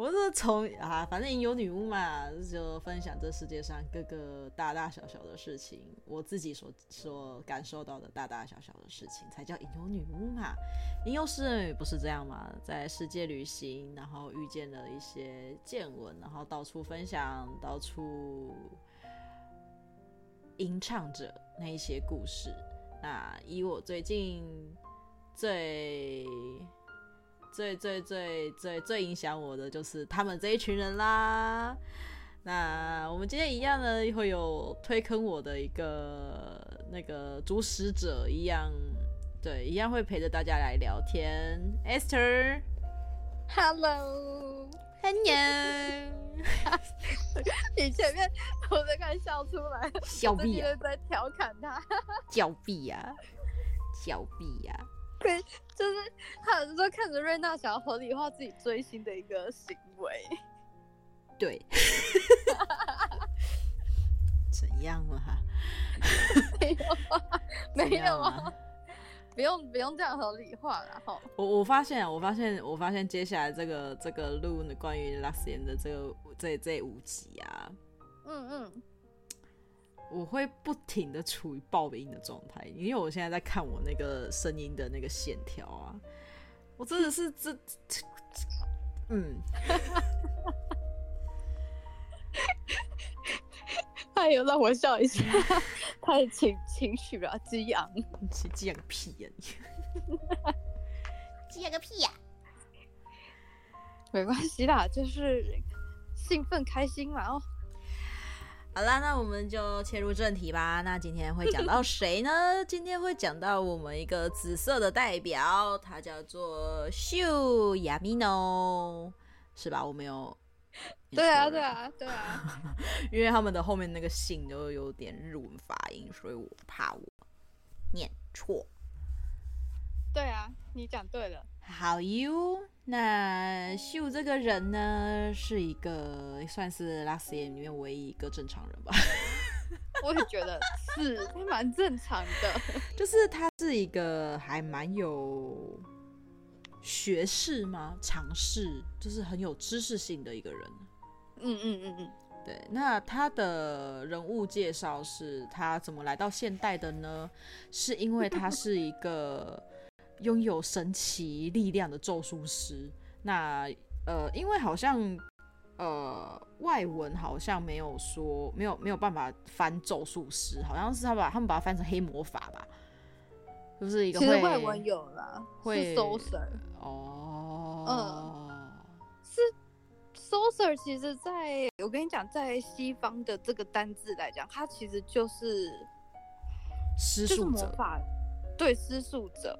我是從啊，反正吟遊女巫嘛，就分享這世界上各個大大小小的事情，我自己所，所感受到的大大小小的事情，才叫吟遊女巫嘛。吟遊詩人不是這樣嗎？在世界旅行，然後遇見了一些見聞，然後到處分享，到處吟唱着那一些故事。那以我最近最。最最最最最影響我的就是他們這一群人啦。那我們今天一樣呢，會有推坑我的一個那個主使者一樣，對，一樣會陪着大家來聊天。Esther，Hello，Hello。你前面我在看笑出來，笑屁啊！在調侃他，笑屁呀、啊，笑屁呀。對，就是他有時候看着瑞娜，想要合理化自己追星的一個行為。對， 怎樣了？哈 ，沒有啊，沒有啊，不用不用這樣合理化，然後我我發現、啊，我發現，我發現，接下來這個這個錄關於拉斯 s 的這個這這五集啊，嗯嗯。我會不停的處於爆音的狀態，因為我現在在看我那個聲音的那個線條啊，我真的是 這，這，這，這，嗯， 他也讓我笑一下，他的 情情緒不要激昂，激激昂屁呀，激昂個屁呀、啊， 屁啊、沒關係啦，就是興奮開心嘛哦。好啦，那我們就切入正題吧。那今天會講到誰呢？ 今天會講到我們一個紫色的代表，他叫做 Shu Yamino，是吧？我沒有。對啊，對啊，對啊。 因為他們的後面那個姓都有點日文發音，所以我怕我念錯。對啊，你講對了。How are you？那秀這個人呢，是一個算是 Luxiem 裡面唯一一個正常人吧？我也覺得是，還蠻 正常的。就是他是一個還蠻有學識嘛？常識，就是很有知識性的一個人。嗯嗯嗯嗯，對。那他的人物介紹是他怎麼來到現代的呢？是因為他是一個。 擁有神奇力量的咒術師，那呃，因為好像呃外文好像沒有說沒有沒有辦法翻咒術師，好像是他把他們把它翻成黑魔法吧，就是一個其實外文有了，sorcerer 哦，嗯，是 sorcerer，其實在我跟你講，在西方的這個單字來講，它其實就是施術者，魔法對施術者。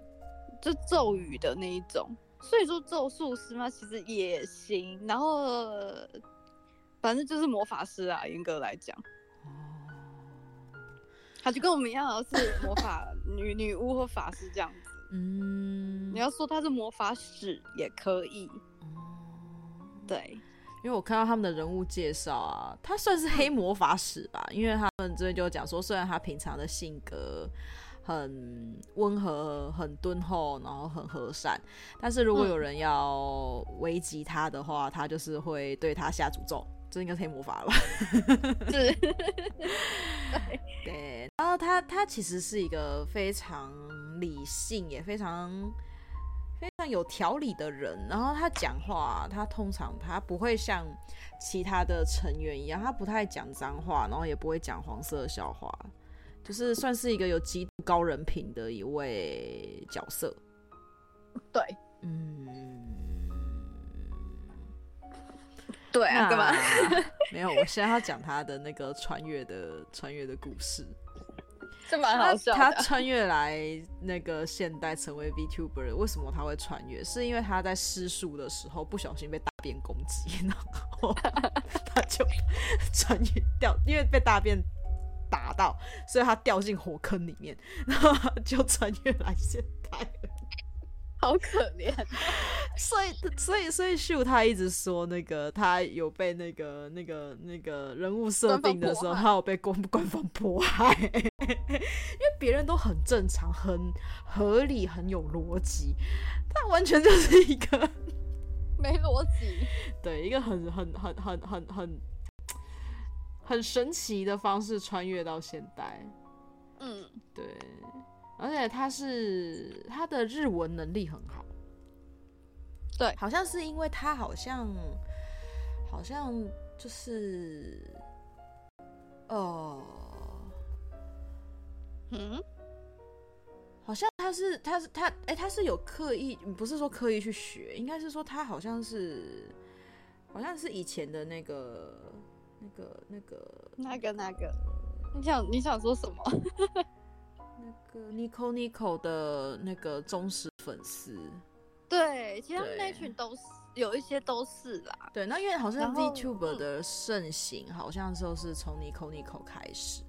就咒語的那一種，所以說咒術師嘛，其實也行。然後，反正就是魔法師啊，嚴格來講，哦，他就跟我們一樣，好像是魔法女 女巫和法師這樣子。嗯，你要說他是魔法使也可以。哦，對，因為我看到他們的人物介紹啊，他算是黑魔法使吧，嗯、因為他們這邊就講說，雖然他平常的性格。很溫和、很敦厚，然後很和善。但是如果有人要危及他的話，嗯、他就是會對他下詛咒，這應該是黑魔法了吧？是， 對。然後他他其實是一個非常理性，也非常非常有條理的人。然後他講話，他通常他不會像其他的成員一樣，他不太講髒話，然後也不會講黃色笑話。就是算是一個有極度高人品的一位角色，對，嗯，對啊，幹嘛？沒有，我現在要講他的那個穿越的穿越 的故事，這蠻好笑他。他穿越來那個現代成為 Vtuber，為什麼他會穿越？是因為他在施術的時候不小心被大便攻擊，然後他就穿越掉，因為被大便。打到，所以他掉進火坑裡面，然後就穿越來現代了，好可憐。 所以，所以，所以秀他一直說那個他有被那個那個那個人物設定的時候，他有被官官方迫害，迫害 因為別人都很正常、很合理、很有邏輯，他完全就是一個 沒邏輯，對，一個很、很、很、很、很、很。很神奇的方式穿越到現代，嗯，對，而且他是他的日文能力很好，對，好像是因為他好像好像就是，哦、呃，嗯，好像他是他是他哎，他是，他、欸、他是有刻意，不是說刻意去學，應該是說他好像是好像是以前的那個。那個、那個、那個、那個，你想你想說什麼？那個 Nico Nico 的那個忠實粉絲，對，其他那群都是對有一些都是啦。對，那因為好像 Vtuber 的盛行，好像就是從 Nico Nico 開始，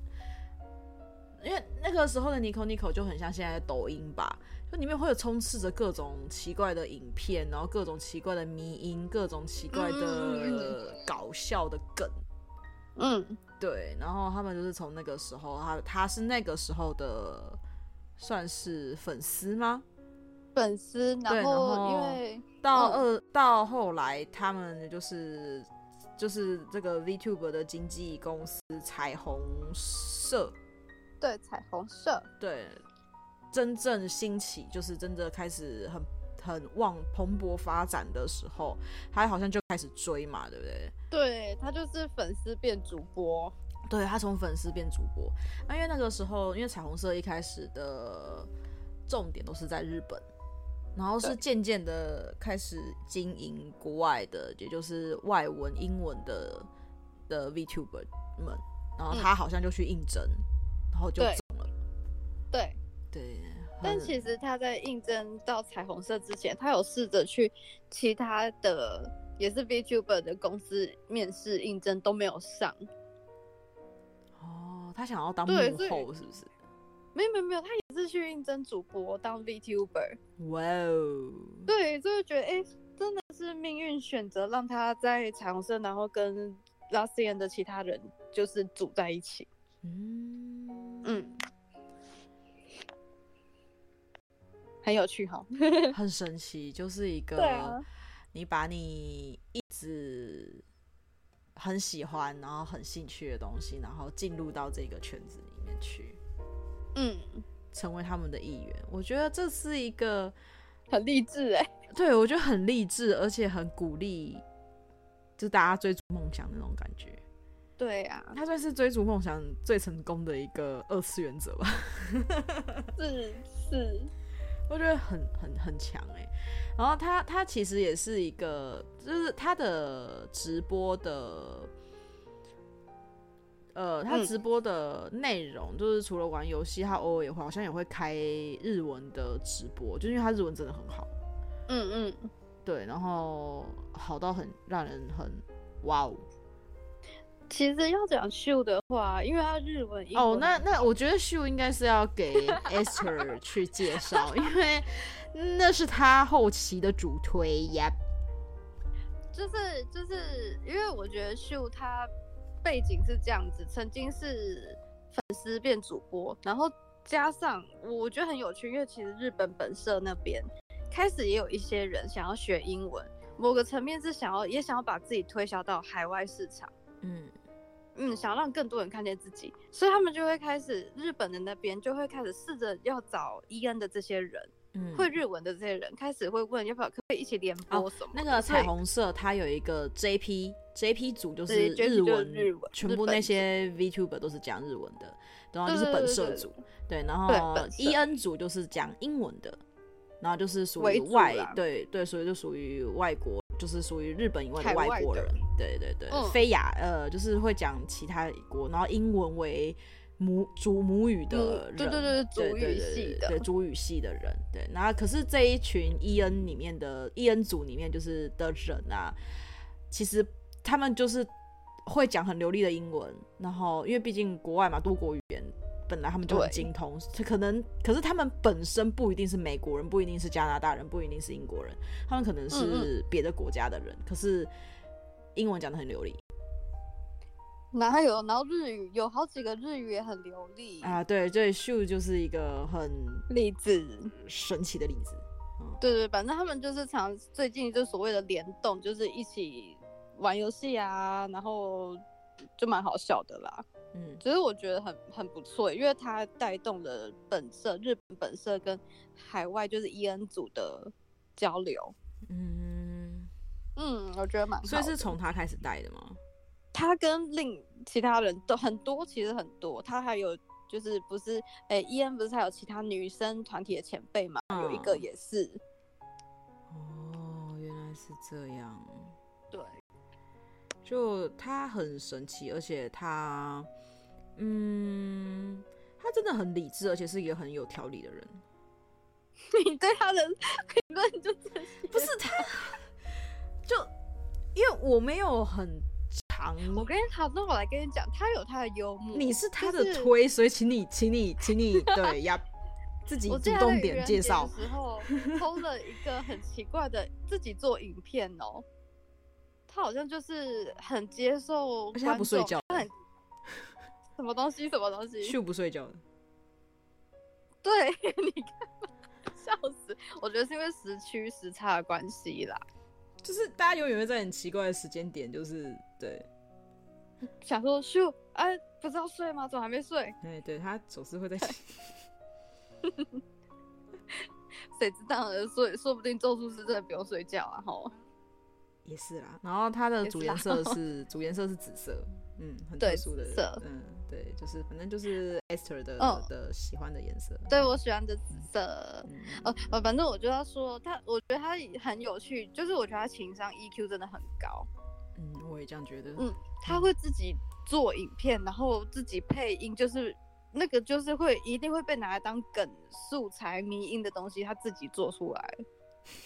嗯、因為那個時候的 Nico Nico 就很像現在的抖音吧，就裡面會有充斥着各種奇怪的影片，然後各種奇怪的迷音、音，各種奇怪的搞笑的梗。嗯 嗯，對，然後他們就是從那個時候，他他是那個時候的算是粉絲嗎？粉絲，對，然後因為到二、嗯、到後來，他們就是就是這個 VTuber 的經紀公司彩虹社，對，彩虹社，對，真正興起就是真的開始很很旺，蓬勃發展的時候，他好像就開始追嘛，對不對？對，他就是粉絲變主播，對，他從粉絲變主播。那、啊、因為那個時候，因為彩虹社一開始的重點都是在日本，然後是漸漸的開始經營國外的，對也就是外文英文的的 VTuber 們。然後他好像就去應徵，嗯、然後就中了。對對。對對但其實他在應徵到彩虹社之前，嗯、他有試着去其他的也是 VTuber 的公司面試，應徵都沒有上。哦，他想要當幕後是不是？沒有沒有沒有，他也是去應徵主播當 VTuber。哇哦 Wow！對，就是覺得哎、欸，真的是命運選擇讓他在彩虹社，然後跟 Luxiem 的其他人就是組在一起。嗯嗯。嗯很有趣哈， 很神奇，就是一個你把你一直很喜歡然後很興趣的東西，然後進入到這個圈子裡面去，嗯，成為他們的一員，我覺得這是一個很勵志哎、欸，對我覺得很勵志，而且很鼓勵，就大家追逐夢想的那種感覺。對啊，他算是追逐夢想最成功的一個二次元則吧，是 是。是我覺得很很很強哎、欸，然後他他其實也是一個，就是他的直播的，呃，他直播的內容、嗯、就是除了玩遊戲，他偶爾也會好像也會開日文的直播，就是因為他日文真的很好，嗯嗯，對，然後好到很讓人很哇哦。Wow 其實要講秀的話，因為他日文。哦，oh, 那那我覺得秀應該是要給 Esther 去介紹， 因為那是他後期的主推呀、yep 就是。就是就是因為我覺得秀他背景是這樣子：曾經是粉絲變主播，然後加上我覺得很有趣，因為其實日本本社那邊開始也有一些人想要學英文，某個層面是想要也想要把自己推銷到海外市場。嗯。嗯，想要讓更多人看見自己，所以他們就會開始，日本的那邊就會開始試着要找 EN 的這些人，嗯、會日文的這些人，開始會問要不要可以一起聯播什麼、哦。那個彩虹社他對有一個 JP JP 組，就是日文，日文，全部那些 VTuber 都是講日文的，然後就是本社組，對，對，對，對，對，然後，EN 組就是講英文的，然後就是屬於外，對對，所以就屬於外國。就是屬於日本以外的外國人，對對對，嗯、非亞呃，就是會講其他國，然後英文為母主母語的人，對對對，主語系的主語系的人，對。然後可是這一群 E N 裡面的、嗯、E N 組裡面就是的人啊，其實他們就是會講很流利的英文，然後因為畢竟國外嘛，多國語言。本來他們就很精通，對可能可是他們本身不一定是美國人，不一定是加拿大人，不一定是英國人，他們可能是別的國家的人，嗯、可是英文講得很流利。哪有？然後日語有好幾個日語也很流利啊。對，對，秀就是一個很例子，神奇的例子。對、嗯、對，反正他們就是常最近就所謂的聯動，就是一起玩遊戲啊，然後就蠻好笑的啦。嗯，只是我覺得很很不錯，因為他帶動了本社日本本社跟海外就是 EN 組的交流。嗯嗯，我覺得蠻所以是從他開始帶的嗎？他跟另其他人都很多，其實很多。他還有就是不是誒 EN 不是還有其他女生團體的前輩嘛？啊、有一個也是。哦，原來是這樣。對，就他很神奇，而且他。嗯，他真的很理智，而且是一個很有條理的人。你對他的評論就是不是他？就因為我沒有很常。我跟你說，那我來跟你講，他有他的幽默。你是他的推，就是，所以請你，請你，請你對呀， 自己主動點介紹。我在在的時候偷 了一個很奇怪的自己做影片哦。他好像就是很接受，他不睡覺。什麼東西？什麼東西？秀不睡覺的？對，你看，笑死！我覺得是因為時區時差的關係啦。就是大家永遠會在很奇怪的時間點，就是對，想說秀，哎、啊，不知道睡嗎？怎麼還沒睡？哎、欸，對，他總是會在，誰對 知道，所以說不定咒術師真的不用睡覺啊！吼。也是啦，然後他的主顏色是 主顏色是紫色，嗯，很特殊的，色嗯，對，就是反正就是 Esther 的、嗯、的喜歡的顏色，對我喜歡的紫色，嗯，呃、哦，反正我覺得說他，我覺得他很有趣，就是我覺得他情商 EQ 真的很高，嗯，我也這樣覺得，嗯，他會自己做影片，嗯、然後自己配音，就是那個就是會一定會被拿來當梗素材迷因的東西，他自己做出來。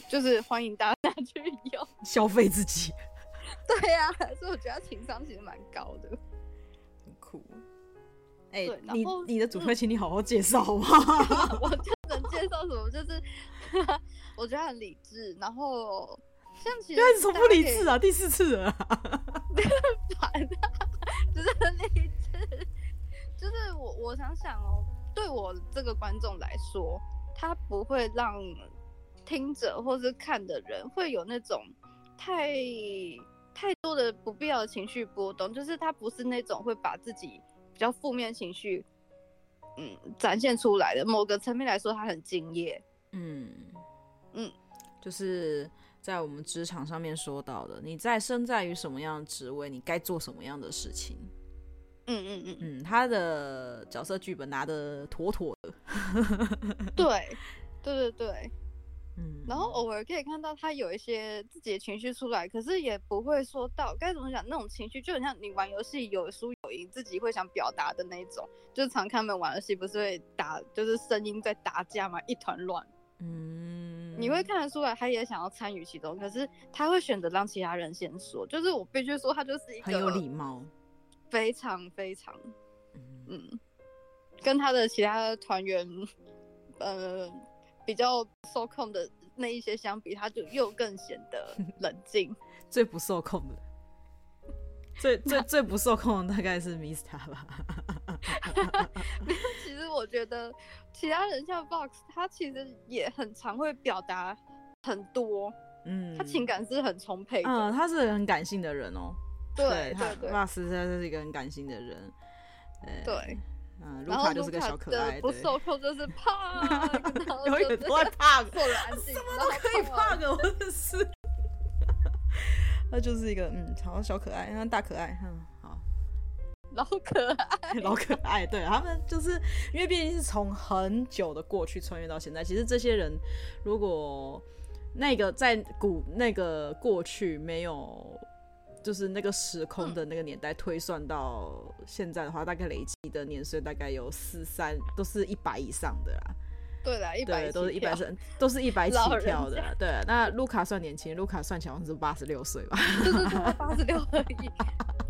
就是歡迎大家去用消費自己，對呀、啊，所以我覺得情商其實蠻高的，很酷。哎、欸，你你的主推，嗯、請你好好介紹好嗎？我就能介紹什麼？就是 我覺得很理智，然後像其實為什麼不理智啊，第四次了，煩啊！ 反正就是很理智。就是我我想想哦，對我這個觀眾來說，他不會讓。聽者或者看的人會有那種太太多的不必要的情緒波動，就是他不是那種會把自己比較負面情緒，嗯，展現出來的。某個層面來說，他很敬業，嗯嗯，就是在我們職場上面說到的，你在身在於什麼樣的職位，你該做什麼樣的事情，嗯嗯嗯嗯，他的角色劇本拿得妥妥的，對對對對。然後偶爾可以看到他有一些自己的情緒出來，可是也不會說到該怎麼講那種情緒，就很像你玩遊戲有輸有贏，自己會想表達的那種。就是常看他們玩遊戲，不是會打，就是聲音在打架嘛，一團亂。嗯，你會看得出來他也想要參與其中，可是他會選擇讓其他人先說。就是我必須說，他就是一個非常非常很有禮貌，非常非常，嗯，跟他的其他團員，呃。嗯比較受控的那一些相比，他就又更顯得冷靜。 最不受控的，最最 最不受控的大概是 Mysta 吧。其實我覺得其他人像 Box，他其實也很常會表達很多，嗯，他情感是很充沛的，嗯、呃，他是很感性的人哦。對對對，Box 是一個很感性的人。對。對嗯，露卡就是個小可愛，我手頭就是胖，然後就是做軟體，什麼都可以胖的，我真是。那 就是一個嗯，好小可愛，大可愛，嗯，好老可愛， 老可愛，對他們就是，因為畢竟是從很久的過去穿越到現在，其實這些人如果那個在古那個過去沒有。就是那個時空的那個年代推算到現在的話，大概累計的年歲大概有四三，3, 都是一百以上的啦。對啦，一百都是一百多，都是一百起跳的啦。對啦，那盧卡算年輕，盧卡算起來好像是八十六歲吧？八十六而已。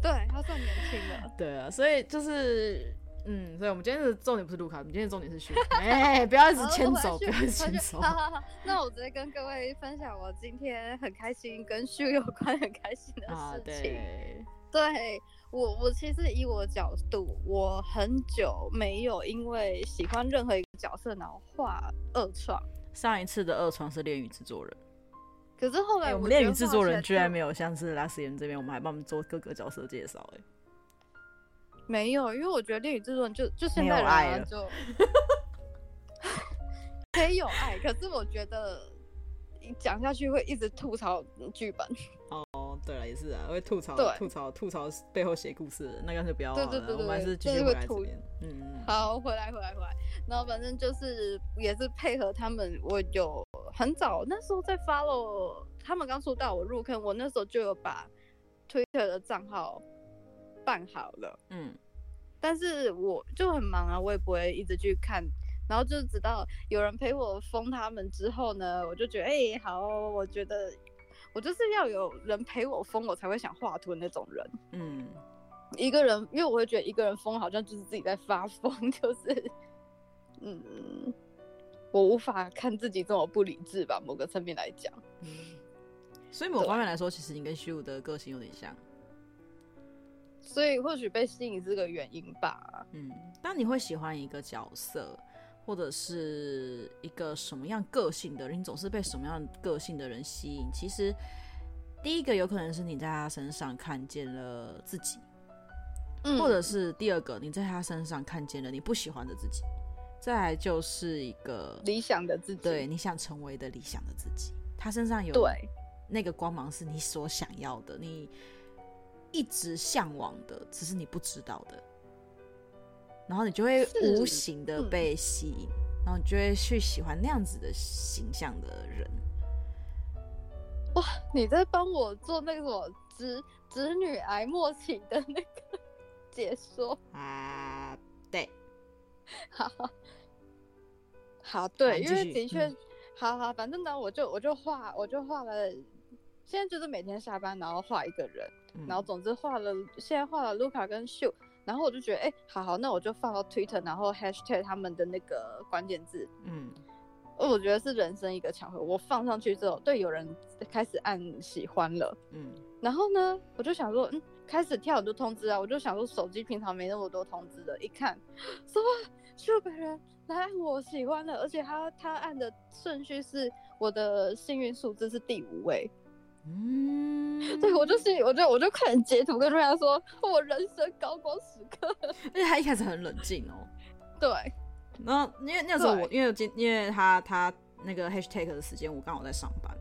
對，他算年輕的。對啊，所以就是。嗯，所以我們今天的重點不是盧卡，我們今天的重點是 Shu 哎、 欸欸，不要一直牽手， 好，不要一直牽手、 啊。那我直接跟各位分享我今天很開心跟 Shu， 有關很開心的事情。啊，對，對。我，我其實以我的角度，我很久沒有因為喜歡任何一個角色然後畫二創。上一次的二創是戀與製作人，可是後來我、欸、我們戀與製作人居然沒有 像是 Luxiem 這邊，我們還幫他們做各個角色介紹、欸，哎。沒有，因為我覺得《戀與製作人》就就就現在人啊，就很有愛。可以 有愛，可是我覺得講下去會一直吐槽劇本。哦，對了，也是啊，會吐槽對吐槽吐槽，吐槽背後寫故事，那個是不要了。對，對，對，對，對，我們還是繼續回來。嗯，好，回來回來回來。然後反正就是也是配合他們，我有很早那時候在 follow 他們剛出道，我入坑，我那時候就有把 Twitter 的賬號。辦好了，嗯，但是我就很忙啊，我也不會一直去看，然後就直到有人陪我瘋他們之後呢，我就覺得，哎、欸，好、哦，我覺得我就是要有人陪我瘋，我才會想畫圖的那種人，嗯，一個人，因為我會覺得一個人瘋，好像就是自己在發瘋，就是，嗯，我無法看自己這麼不理智吧，某個層面來講，嗯，所以某方面來說，對其實你跟虛無的個性有點像。所以或許被吸引是個原因吧。嗯，當你會喜歡一個角色，或者是一個什麼樣個性的人，你總是被什麼樣個性的人吸引。其實，第一個有可能是你在他身上看見了自己，嗯，或者是第二個你在他身上看見了你不喜歡的自己，再來就是一個理想的自己，對你想成為的理想的自己，他身上有對那個光芒是你所想要的，你。一直嚮往的，只是你不知道的，然後你就會無形的被吸引，嗯、然後你就會去喜歡那樣子的形象的人。哇！你在幫我做那個《侄侄女癌末期》的那個解說啊？對，好好，對，來因為的確，嗯、好好，反正呢，我就我就畫，我就畫了。現在就是每天下班，然後畫一個人，嗯、然後總之畫了，現在畫了盧卡跟秀，然後我就覺得哎、欸，好好，那我就放到 Twitter，然後 hashtag 他們的那個關鍵字，嗯，我覺得是人生一個巧合，我放上去之後，對，有人開始按喜歡了，嗯，然後呢，我就想說，嗯，開始跳很多通知啊，我就想說手機平常沒那麼多通知的，一看，說秀本人來按我喜歡了，而且他他按的順序是我的幸運數字是第五位。嗯，對我就是，我就我就，我就快點截圖跟瑞亞說，我人生高光時刻。而且他一開始很冷靜哦、喔。對。然後，因為那個、時候我，因為今因為他他那個 hashtag 的時間，我剛好在上班。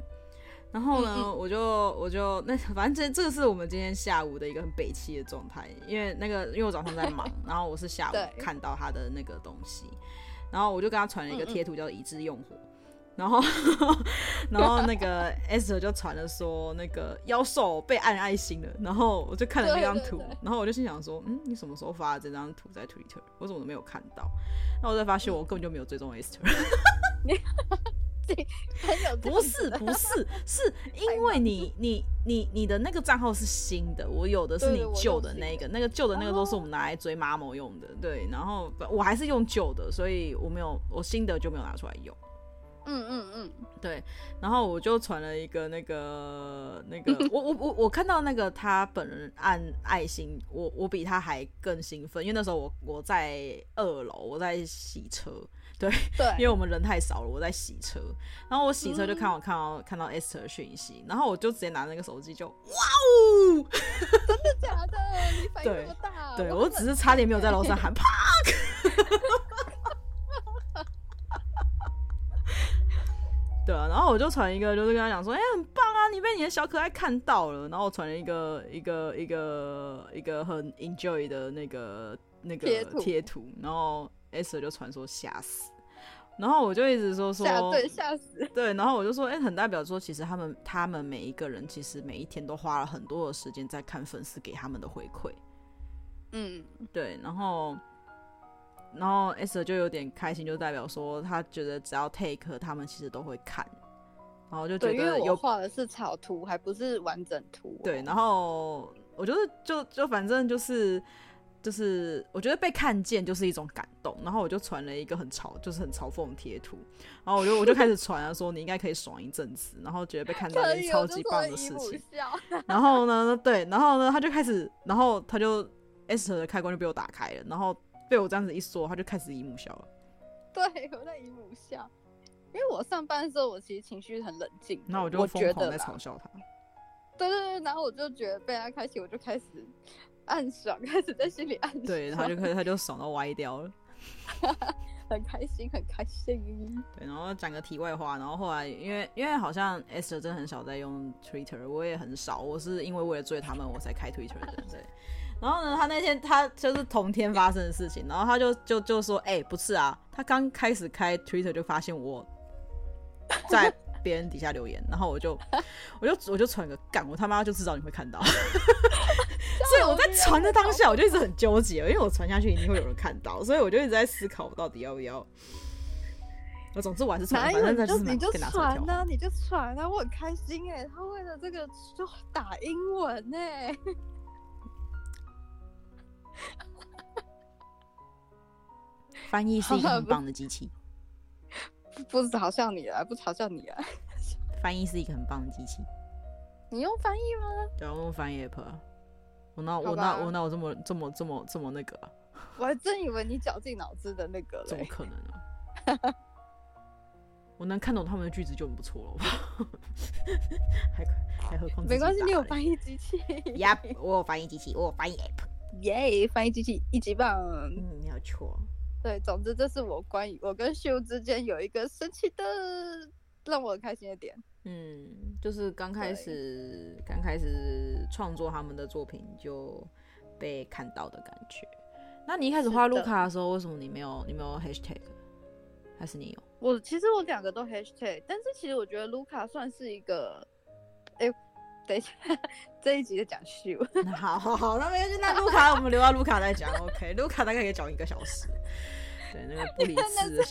然後呢，嗯嗯我就我就那反正這這是我們今天下午的一個很北七的狀態，因為那個因為我早上在忙，對然後我是下午看到他的那個東西，對然後我就跟他傳了一個貼圖，叫一致用戶。嗯嗯然後， 然後那個 Esther 就傳了說那個妖獸被按愛心了，然後我就看了那張圖，對對對然後我就心想說，嗯，你什麼時候發的這張圖在 Twitter？我怎麼都沒有看到？那我才發現我根本就沒有追蹤 Esther。哈這很有這不是不是，是因為你你你你的那個賬號是新的，我有的是你舊的、那個、那個，那個舊的那個都是我們拿來追 Mamo 用的，哦、對，然後我還是用舊的，所以我沒有我新的就沒有拿出來用。嗯嗯嗯，嗯嗯對，然後我就傳了一個那個那個，我我我我看到那個他本人按愛心，我我比他還更興奮，因為那時候我我在二樓，我在洗車，對對，因為我們人太少了，我在洗車，然後我洗車就看我看到、嗯、看到 Esther 的訊息，然後我就直接拿那個手機就哇哦，真的假的？你反應這麼大？對，對我，粉我只是差點沒有在樓上喊啪。 對啊，然後我就傳一個，就是跟他講說，哎、欸，很棒啊，你被你的小可愛看到了。然後我傳了一個一個一個一個很 enjoy 的那個那個貼圖，然後 S 就傳說嚇死。然後我就一直說說嚇對嚇死對，然後我就說，哎、欸，很代表說，其實他們他們每一個人其實每一天都花了很多的時間在看粉絲給他們的回饋。嗯，對，然後。然後 Esther 就有點開心，就代表說他覺得只要 take，他們其實都會看，然後就覺得有因為我畫的是草圖，還不是完整圖哦。對，然後我覺得就就，就反正就是就是我覺得被看見就是一種感動，然後我就傳了一個很嘲就是很嘲諷的貼圖，然後我就我就開始傳啊，說你應該可以爽一陣子， 然後覺得被看到是超級棒的事情。 然後呢，對，然後呢，他就開始，然後他就 Esther 的開關就被我打開了，然後。被我這樣子一說，他就開始姨母笑了。對，我在姨母笑，因為我上班的時候，我其實情緒很冷靜。然後我就瘋狂在嘲笑他。對對對，然後我就覺得被他開心，我就開始暗爽，開始在心裡暗爽。對，然後他就開始，他就爽到歪掉了。 很開心，很開心。對，然後講個題外話，然後後來因為因為好像 Shu 真的很少在用 Twitter，我也很少，我是因為為了追他們我才開 Twitter 的，對。然後呢，他那天他就是同天發生的事情，然後他就就就說，哎、欸，不是啊，他剛開始開 Twitter 就發現我在別人底下留言， 然後我就 我就我就傳個，幹我他媽就知道你會看到 笑，所以我在傳的當下我就一直很糾結，因為我傳下去一定會有人看到，所以我就一直在思考我到底要不要。 我總之我還是傳，反正就是、就是你就傳呢、啊，你就傳、啊、我很開心哎、欸，他為了這個就打英文呢、欸。 翻譯是一個很棒的機器， 不不嘲笑你啊，不嘲笑你啊！翻譯是一個很棒的機器。你用翻譯嗎？對，我用翻譯 app。我哪，吧我哪，我哪，我哪有這麼這麼這麼這麼那個啊？我還真以為你絞盡腦汁的那個。怎麼可能啊！ 我能看懂他們的句子就很不錯了，我 還還和空沒關係。你有翻譯機器 ？Yeah，我有翻譯機器，我有翻譯 app。耶！Yeah, 翻譯機器一級棒，沒有錯。你好啊，對，總之這是我關於我跟秀之間有一個神奇的讓我開心的點。嗯，就是剛開始剛對開始創作他們的作品就被看到的感覺。那你一開始畫盧卡的時候，的為什麼你沒有你沒有 hashtag？還是你有？我其實我兩個都 hashtag，但是其實我覺得盧卡算是一個，欸等一下，這一集就講秀 好好好。好，好，那沒有就那盧卡， 我們留到盧卡再講。 OK，盧卡大概可以講一個小時。 對，那個布里斯，瑞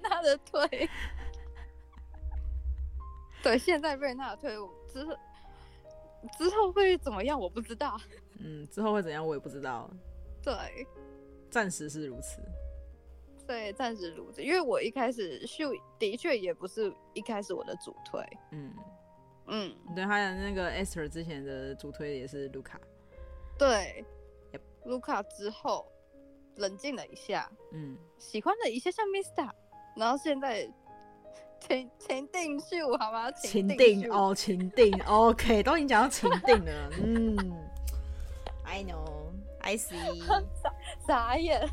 納他的推。對，現在瑞納推，我之後之後會怎麼樣，我不知道。嗯，之後會怎樣，我也不知道。對，暫時是如此。對，暫時如此，因為我一開始秀的確也不是一開始我的主推。嗯。嗯，對，還有那個 Esther 之前的主推也是 Luca，對 Yep.，Luca 之後冷靜了一下，嗯，喜歡的一些像 Mysta，然後現在情情定秀，好嗎？定情定哦，情定 ，OK，都已經講到情定了， 嗯，I know，I see，啥 傻，傻眼。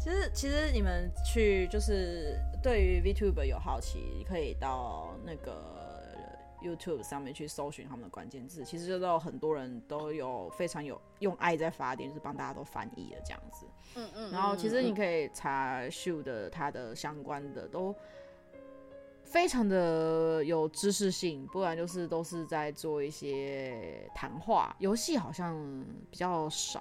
其實，其實你們去就是。對於 Vtuber 有好奇，你可以到那個 YouTube 上面去搜尋他們的關鍵字。其實就有很多人都有非常有用愛在發電，就是幫大家都翻譯的這樣子。嗯嗯。嗯，然後其實你可以查秀的、嗯、他的相關的都非常的有知識性，不然就是都是在做一些談話遊戲，好像比較少。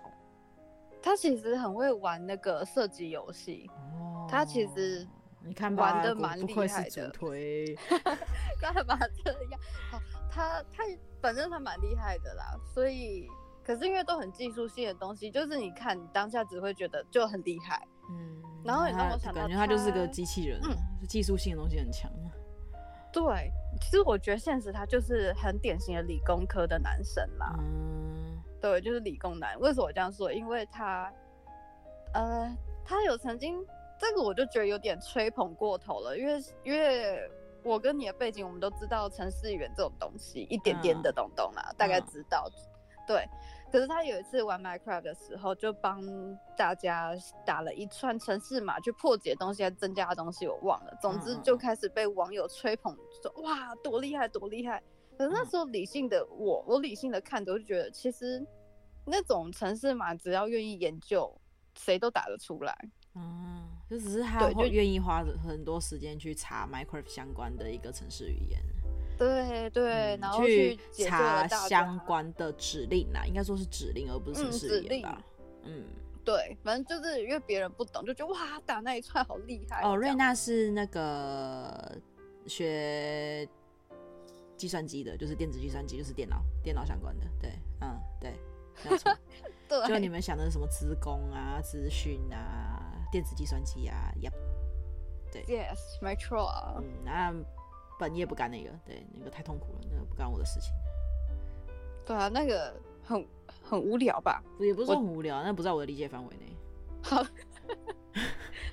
他其實很會玩那個射擊遊戲。哦，他其實。你看吧，玩得蠻厲害的，幹 嘛這樣？好，他他本身他蠻厲害的啦，所以可是因為都很技術性的東西，就是你看你當下只會覺得就很厲害，嗯。然後你讓我想感覺他就是個機器人，嗯，技術性的東西很強。對，其實我覺得現實他就是很典型的理工科的男生啦，嗯，對，就是理工男。為什麼我這樣說？因為他，呃，他有曾經。這個我就覺得有點吹捧過頭了，因為因為我跟你的背景，我們都知道程式語言這種東西一點點的東東啊，嗯、大概知道，對。可是他有一次玩 Minecraft 的時候，就幫大家打了一串程式碼去破解東西，還增加東西，我忘了。總之就開始被網友吹捧，說哇多厲害多厲害。可是那時候理性的我，我理性的看著，我就覺得其實那種程式碼只要願意研究，誰都打得出來。嗯。就只是他會願意花很多時間去查 Minecraft 相關的一個程式語言，對對，嗯、然後去，去查相關的指令啊，應該說是指令而不是程式語言吧，嗯、指令語言，嗯，對，反正就是因為別人不懂，就覺得哇打那一串好厲害。哦，oh, 樣，瑞娜是那個學計算機的，就是電子計算機，就是電腦電腦相關的，對，嗯，對，沒錯， 對，就你們想的是什麼資工啊、資訊啊。電子計算機呀、啊，呀、yep,，對，Yes, my true。嗯，那、啊、本你也不幹那個，對，那個太痛苦了，那個不干我的事情。對啊，那個很很無聊吧？也不是說很無聊，我那不在我的理解範圍內。好，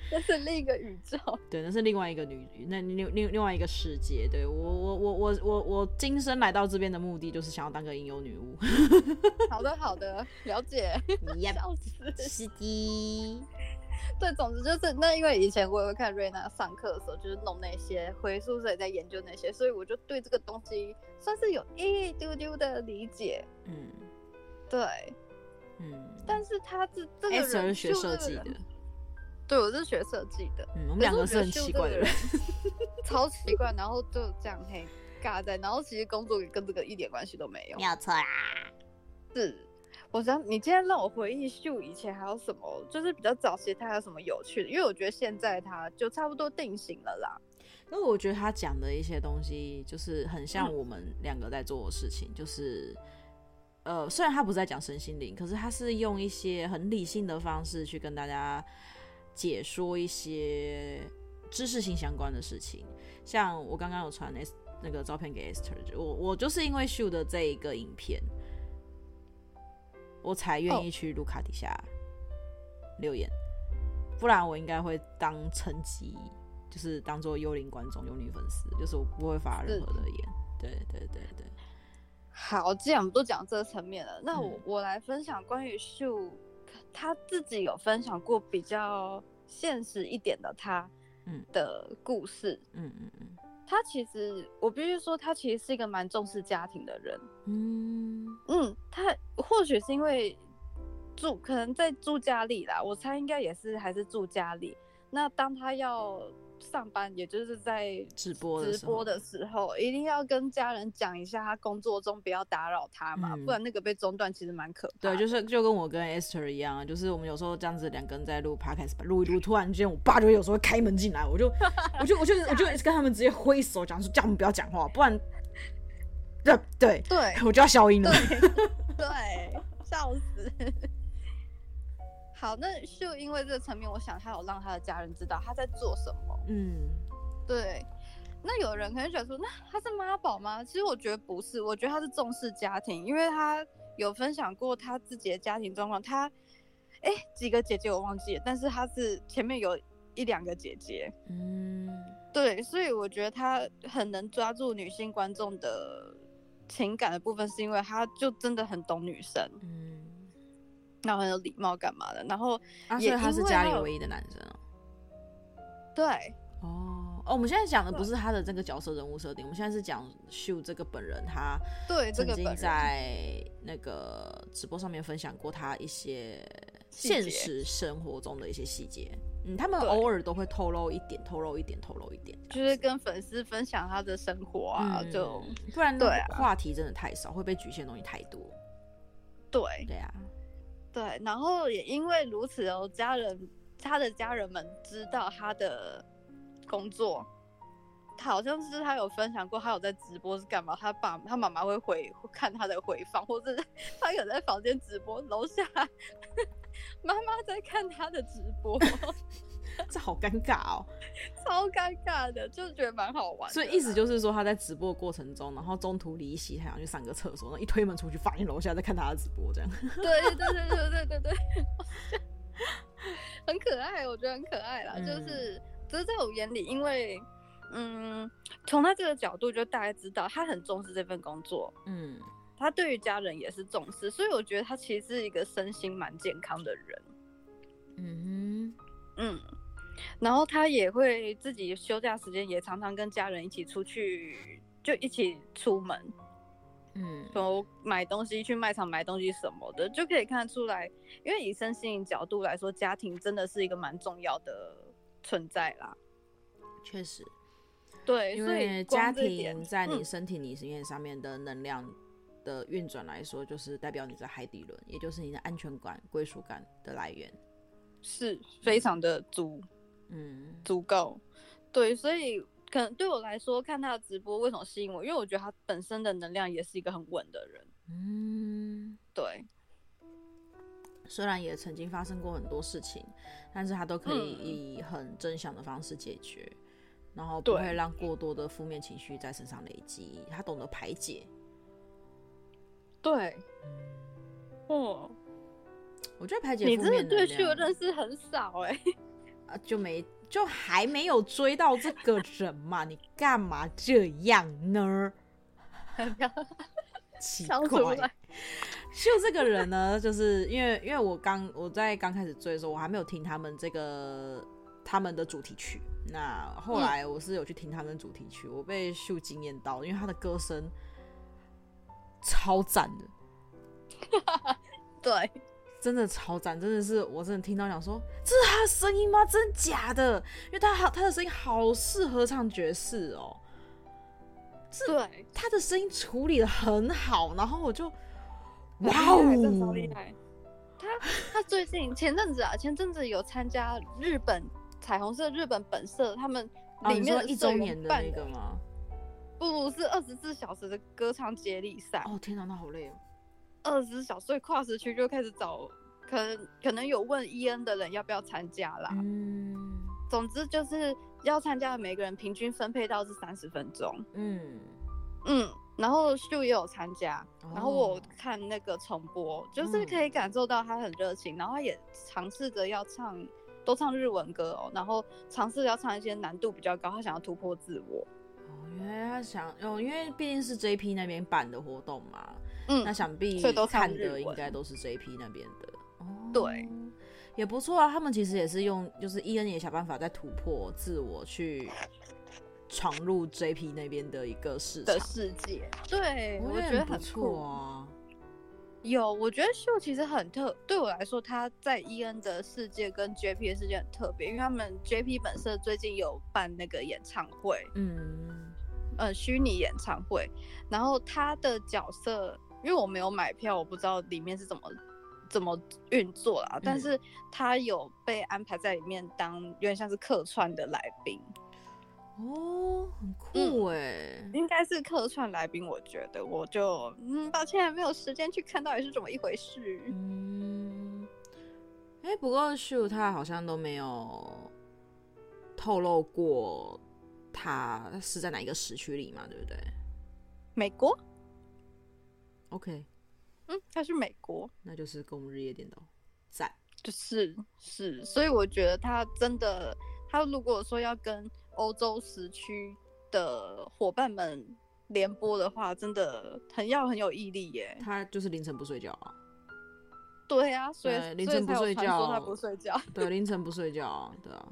那 是另一個宇宙。 對，那是另外一個女，那另另另外一個世界。對我，我，我，我，我，我今生來到這邊的目的就是想要當個吟遊女巫。 好的，好的，了解。Yep, 笑死，是的。對，總之就是那，因為以前我也會看瑞娜上課的時候，就是弄那些，回宿舍也在研究那些，所以我就對這個東西算是有一丟丟的理解。嗯，對，嗯，但是他是這個人，這個人、欸、學設計的。對，我是學設計的，嗯，我們兩個是很奇怪的人， 超奇怪，然後就這樣很尬在，然後其實工作跟這個一點關係都沒有，沒錯啦，是。我想你今天讓我回憶秀以前還有什麼，就是比較早期他還有什麼有趣的，因為我覺得現在他就差不多定型了啦。那我覺得他講的一些東西，就是很像我們兩個在做的事情，嗯、就是，呃，雖然他不是在講身心靈，可是他是用一些很理性的方式去跟大家解說一些知識性相關的事情。像我剛剛有傳那個照片給 Esther，我我就是因為秀的這一個影片。我才願意去盧卡底下留言，oh. 不然我應該會當稱職，就是當做幽靈觀眾、幽靈粉絲，就是我不會發任何的言。是對對對對，好，既然我們都講這個層面了，那我、嗯、我來分享關於秀他自己有分享過比較現實一點的他的故事，嗯，嗯嗯嗯。他其實，我必須說，他其實是一個蠻重視家庭的人。嗯嗯，他或許是因為住，可能在住家裡啦，我猜應該也是還是住家裡。那當他要。上班也就是在直播的時候，直播的時候，一定要跟家人講一下，他工作中不要打擾他嘛，嗯、不然那個被中斷其實蠻可怕的。對，就是就跟我跟 Esther 一樣，啊，就是我們有時候這樣子兩個人在錄 Podcast，錄一錄，突然之間我爸就有時候會開門進來，我就我就我就我就跟他們直接揮手，講說叫我們不要講話，不然，對對，我就要消音了。對，對，笑死。好，那就因為這個層面，我想他有讓他的家人知道他在做什麼。嗯，對。那有人可能想說，那他是媽寶嗎？其實我覺得不是，我覺得他是重視家庭，因為他有分享過他自己的家庭狀況。他，哎、欸，幾個姐姐我忘記了，但是他是前面有一兩個姐姐。嗯，對，所以我覺得他很能抓住女性觀眾的情感的部分，是因為他就真的很懂女生。嗯。然後很有禮貌，幹嘛的？然後啊，所以他是家裡唯一的男生對哦哦，我們現在講的不是他的這個角色人物設定，我們現在是講秀這個本人，他對曾經在那個直播上面分享過他一些現實生活中的一些細節。嗯，他們偶爾都會透露一點，透露一點，透露一點，就是跟粉絲分享他的生活啊，就不然的話題真的太少，會被局限的東西太多。對對啊。對，然後也因為如此哦，家人，他的家人們知道他的工作，他好像是他有分享過，他有在直播是幹嘛？他爸他媽媽會回看他的回放，或是他有在房間直播，樓下媽媽在看他的直播。 這好尷尬哦，超尷尬的，就覺得蠻好玩。所以意思就是說，他在直播的過程中，然後中途離席，還想去上個廁所，然後一推門出去，發現樓下在看他的直播，這樣。對對對對對對對， 很可愛，我覺得很可愛啦。嗯、就是，只是在我眼裡，因為，嗯，從他這個角度，就大概知道他很重視這份工作。嗯，他對於家人也是重視，所以我覺得他其實是一個身心蠻健康的人。嗯嗯。嗯然後他也會自己休假時間也常常跟家人一起出去，就一起出門，嗯，從買東西去賣場買東西什麼的，就可以看得出來。因為以身心角度來說，家庭真的是一個蠻重要的存在啦。確實，對，所以因為家庭在你身體裡面上面的能量的運轉來說，嗯，就是代表你的海底輪，也就是你的安全感、歸屬感的來源，是非常的足。嗯，足夠，對，所以可能對我來說，看他的直播為什麼吸引我，因為我覺得他本身的能量也是一個很穩的人。嗯，對。雖然也曾經發生過很多事情，但是他都可以以很正向的方式解決，嗯、然後不會讓過多的負面情緒在身上累積。對他懂得排解。對。嗯、哦，我覺得排解負面情緒。你真的對 Shu 的認識很少哎、欸。就沒就還沒有追到這個人嘛，你幹嘛這樣呢？很搞笑奇怪，秀這個人呢，就是因為因為我剛我在剛開始追的時候，我還沒有聽他們這個他們的主題曲。那後來我是有去聽他們主題曲，嗯、我被秀驚艷到，因為他的歌聲超讚的。 對。真的超讚，真的是，我真的聽到想說，這是他的聲音嗎？真的假的？因為他好，他的聲音好適合唱爵士哦、喔。是對，他的聲音處理得很好，然後我就哇哦，厲害真厲害，他他最近前陣子、啊、 子啊，前陣子有參加日本彩虹社日本本社，他們裡面的的的、啊、一周年的那個嗎？不是二十四小時的歌唱接力賽哦，天吶、啊，那好累哦、啊。二十小時跨時區就開始找，可能可能有問 EN 的人要不要參加啦。嗯，總之就是要參加的每個人平均分配到是三十分鐘。嗯嗯，然後 Shu 也有參加，然後我看那個重播，哦、就是可以感受到他很熱情，嗯、然後他也嘗試着要唱，都唱日文歌哦，然後嘗試着要唱一些難度比較高，他想要突破自我。哦，因為他想、哦，因為畢竟是 JP 那邊辦的活動嘛。嗯，那想必看的應該都是 J P 那邊的。嗯哦，對，也不錯啊。他們其實也是用，就是 E N 也想辦法在突破自我，去闖入 J P 那邊的一個世的世界。對，我覺得不錯啊。有，我覺得秀其實很特。對我來說，他在 E N 的世界跟 J P 的世界很特別，因為他們 J P 本身最近有辦那個演唱會，嗯，呃，虛擬演唱會，然後他的角色。因為我沒有買票，我不知道裡面是怎麼怎麼運作了。嗯、但是他有被安排在裡面當有點像是客串的來賓哦，很酷哎、嗯，應該是客串來賓，我覺得我就嗯，抱歉，還沒有時間去看到底是怎麼一回事。嗯、欸，不過秀他好像都沒有透露過他是在哪一個時區裡嘛，對不對？美國。OK，嗯，他是美國，那就是跟我們日夜顛倒，在就是是，所以我覺得他真的，他如果說要跟歐洲時區的夥伴們聯播的話，真的很要很有毅力耶。他就是凌晨不睡覺啊。對啊，所以凌晨不睡覺。他說他不睡覺，對，凌晨不睡覺啊，對啊，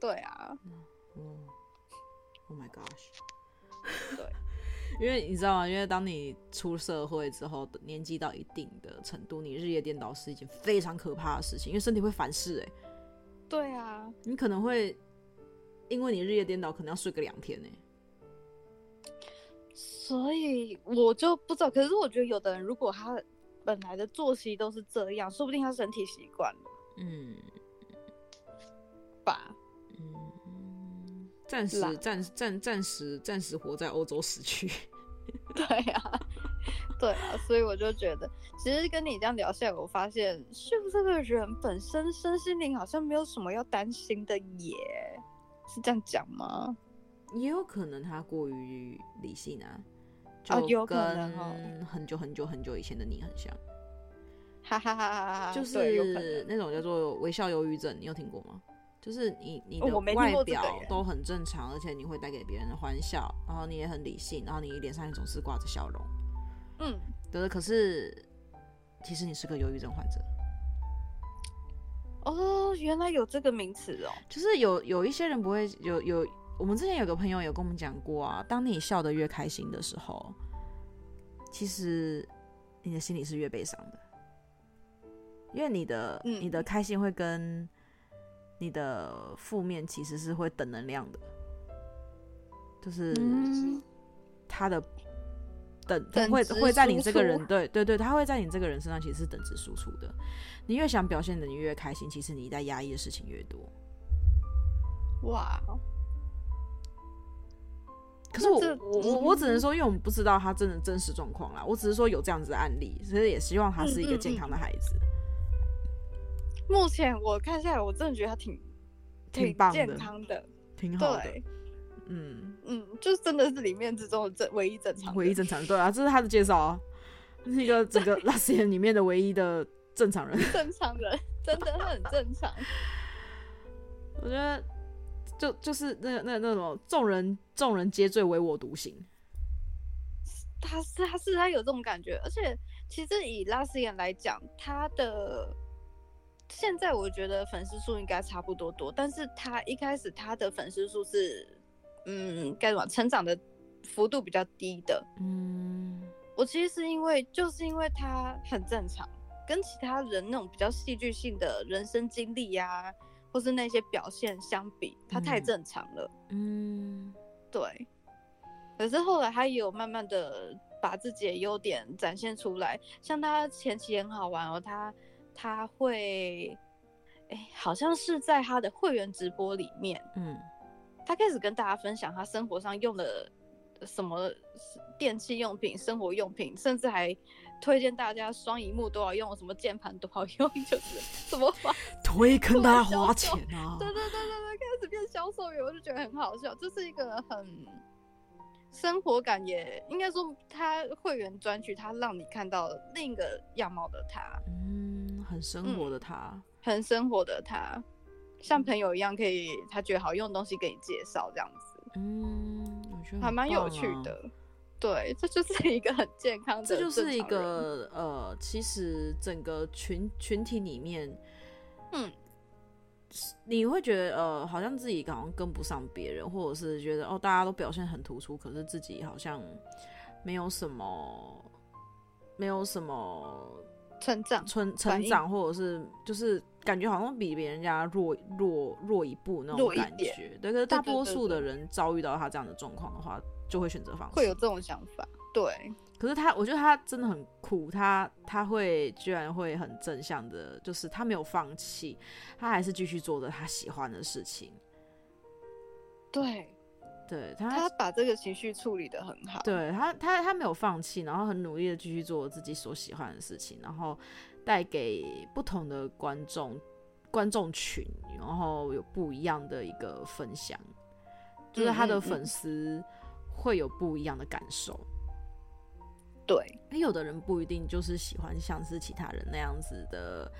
對啊、嗯。Oh my gosh，對。因為你知道嗎？因為當你出社會之後，年紀到一定的程度，你日夜顛倒是一件非常可怕的事情，因為身體會反噬、欸。誒，對啊，你可能會因為你日夜顛倒，可能要睡個兩天呢、欸。所以我就不知道，可是我覺得有的人如果他本來的作息都是這樣，說不定他是身體習慣嗯，吧。暫時暫暫暫時暫時活在歐洲死去。 對啊，對啊，所以我就覺得， 其實跟你這樣聊下來，我發現秀這個人本身身心靈好像沒有什麼要擔心的耶，是這樣講嗎？也有可能他過於理性啊，就有可能哦，很久很久很久以前的你很像，哈哈哈哈哈哈，有可能哦、 就是有可能那種叫做微笑憂鬱症，你有聽過嗎？就是你你的外表都很正常，而且你會帶給別人的歡笑，然後你也很理性，然後你臉上也總是掛着笑容。嗯，對。可是其實你是個憂鬱症患者。哦，原來有這個名詞哦。就是有有一些人不會有有，我們之前有個朋友有跟我們講過啊，當你笑得越開心的時候，其實你的心裡是越悲傷的，因為你的、嗯、你的開心會跟。你的負面其實是會等能量的，就是、嗯、他的等會等會在你這個人對對對，他會在你這個人身上其實是等值輸出的。你越想表現的，你越開心，其實你在壓抑的事情越多。哇！可是我這我我只能說，因為我們不知道他真的真實狀況啦，我只是說有這樣子的案例，所以也希望他是一個健康的孩子。嗯嗯目前我看下來，我真的覺得他挺挺棒健康的，挺好的。嗯對嗯，就是真的是裡面之中的正唯一正常，唯一正常，唯一正常。對啊，這是他的介紹，啊， 是一個整個 Luxiem 裡面的唯一的正常人，正常人真的很正常。 我覺得就就是那那那種眾人眾人皆醉，唯我獨醒。他是他是他有這種感覺，而且其實以 Luxiem 來講，他的。現在我覺得粉絲數應該差不多多，但是他一開始他的粉絲數是，嗯，該怎麼講，成長的幅度比較低的。嗯，我其實是因為就是因為他很正常，跟其他人那種比較戲劇性的人生經歷呀、啊，或是那些表現相比，他太正常了。嗯，嗯對。可是後來他也有慢慢的把自己的優點展現出來，像他前期很好玩哦，他，他會，哎、欸，好像是在他的會員直播裡面，嗯，他開始跟大家分享他生活上用的什麼電器用品、生活用品，甚至還推薦大家雙螢幕都要用，什麼鍵盤都要用， 就是怎麼話推坑大家花錢啊！對對對對對，開始變銷售員，我就覺得很好笑。這是一個很生活感，也應該說他會員專區，他讓你看到另一個樣貌的他。嗯。很生活的他、嗯，很生活的他，像朋友一樣，可以他覺得好用的東西給你介紹，這樣子，嗯，我覺得、啊、還蠻有趣的。對，這就是一個很健康的，這就是一個呃，其實整個群群體裡面，嗯，你會覺得呃，好像自己好像跟不上別人，或者是覺得哦，大家都表現很突出，可是自己好像沒有什麼，沒有什麼。成長、成成長，應或者是就是感覺好像比別人家弱、弱、弱一步那種感覺。對，可是大多數的人遭遇到他這樣的狀況的話，對對對對就會選擇放棄。會有這種想法，對。可是他，我覺得他真的很酷，他他會居然會很正向的，就是他沒有放棄，他還是繼續做著他喜歡的事情。對。對他，他把這個情緒處理得很好。對他，他他沒有放棄，然後很努力地繼續做自己所喜歡的事情，然後帶給不同的觀眾觀眾群，然後有不一樣的一個分享，就是他的粉絲會有不一樣的感受。對，嗯嗯嗯欸，有的人不一定就是喜歡像是其他人那樣子的。